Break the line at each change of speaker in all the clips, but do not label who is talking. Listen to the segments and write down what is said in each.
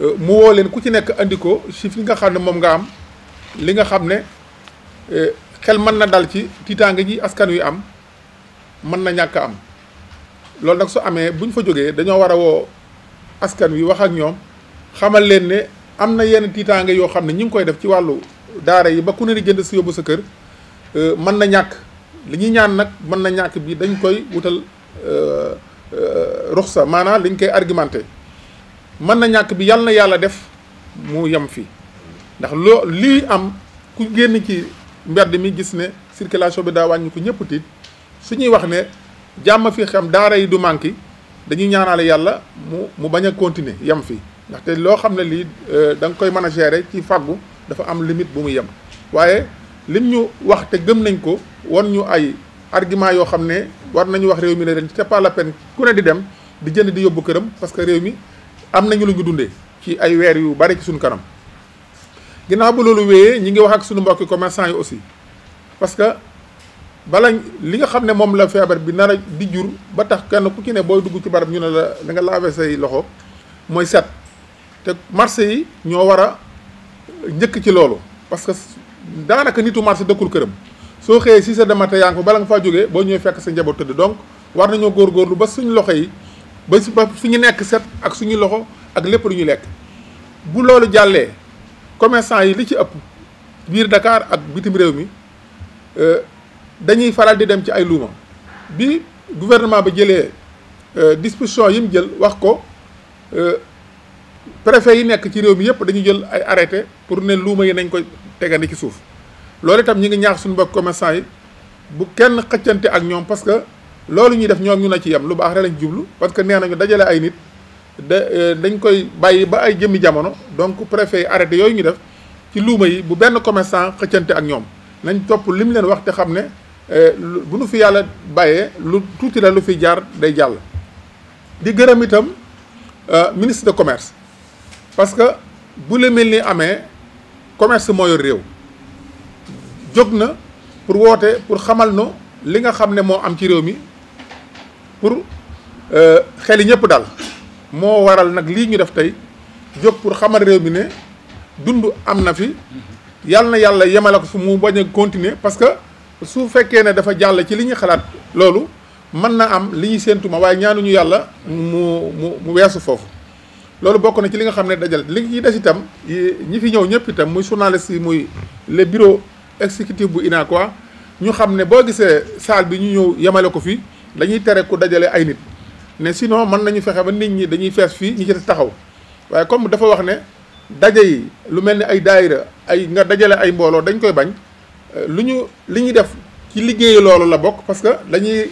Euh, mu woo leen ku ci nekk andi ko si nga xam ne moom nga am li nga xam ne euh, xel mën na dal ci tiitaange ji askan wi am mën na ñàkk am loolu nag su amee bu ñu fa jógee dañoo war a woo askan wi wax ak ñoom xamal leen ne am na yenn tiitaange yoo xam ne ñu ngi koy def ci wàllu daara yi ba ku ne di jënd si yóbbu sa kër euh, mën na ñàkk li ñuy ñaan nag mën na ñàkk bi dañ koy wutal ruxsa maanaam liñ koy argumenté. mën na ñàkk bi yàlla na yàlla def mu yem fii ndax loo lii am ku génn ci mbedd mi gis ne circulation bi daa wàññi ko ñëpp tiit su ñuy wax ne jàmm fi xam daara yi du manqué dañuy ñaanaale yàlla mu mu bañ a continuer yem fii ndaxte loo xam ne lii euh, da nga koy mën a gérer ci fàggu dafa am limite bu mu yem waaye lim ñu wax te gëm nañ ko won ñu ay argument yoo xam ne war nañu wax réew mi ne ren c'est pas la peine ku ne di dem di jënd di yóbbu këram parce que réew mi am nañu lu dundé ci ay weer yu bari ci suñu kanam ginaaw bu lolu wéyee ñi ngi wax ak suñu mbokk commerçant yi aussi parce que bala li nga xamné mom la fièvre bi nara di jur ba tax kenn ku ki ne boy dugg ci barab ñu la da nga laver say loxo moy set te marché yi ño wara ñëk ci lolu parce que daanaka nitu marché dekkul kërëm so xé si sa demata yaa ngi fa bala nga fa joggé bo ñëw fekk sa njabot teud donc war gor lu ba suñu loxé yi ba si ba fi ñu set ak suñu loxo ak lepp luñu lek bu loolu jallé commerçants yi li ci ëpp bir Dakar ak bitim réew mi euh, dañuy faral di dem ci ay luma bi gouvernement ba jëlé euh disposition yi mu jël wax ko euh préfet yi nek ci réew mi yëpp dañuy jël ay arrêté pour né luma yi nañ ko tegandi ci souf lolé tam ñi nga ñaax suñu bokk commerçants yi bu kenn xëccante ak ñom parce que loolu ñuy def ñoom ñu na ci yem lu baax rek lañ jublu parce que nee nañu dajale ay nit da euh, dañ koy bàyyi ba ay jëmmi jamono donc préfet yi arrêté yooyu ñu def ci luuma yi bu benn commerçant xëccante ak ñoom nañ topp lim leen wax te xam ne euh, bu nu fi yàlla bàyyee lu tuuti la lu fi jaar day jàll. di gërëm itam euh, ministre de commerce parce que bu le mel ni amee commerce moo yor réew jóg na pour woote pour xamal no li nga xam ne moo am ci réew mi. pour euh, xel yi ñëpp daal moo waral nag lii ñu def tey jóg pour xamal réew bi ne dund am na fi yàlla na yàlla yemale ko fu mu bañ a continuer parce que su fekkee ne dafa jàll ci li ñu xalaat loolu mën na am li ñuy séentuma waaye ñaanuñu yàlla mu mu mu weesu foofu loolu bokk na ci li nga xam ne dajal li ñu des itam ñi fi ñëw ñëpp itam muy journaliste si muy le bureau exécutif bu INACOI ñu xam ne boo gisee salle bi ñu ñëw yemale ko fii dañuy tere ku dajale ay nit ne sinon mën nañu fexe ba nit ñi dañuy fees fii ñi ci taxaw waaye comme dafa wax ne daje yi lu mel ni ay daayira ay nga dajale ay mbooloo dañ koy bañ euh, lu ñu li ñuy def ci liggéeyu loolu la bokk parce que dañuy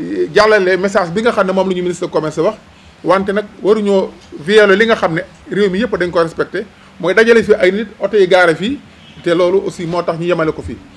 euh, jàllale message bi nga xam ne moom la ñu ministre commerce wax wante nag waruñoo violer li nga xam ne réew mi yëpp dañ ko respecté mooy dajale fi ay nit oto yi gaare fii te loolu aussi moo tax ñu yemale ko fii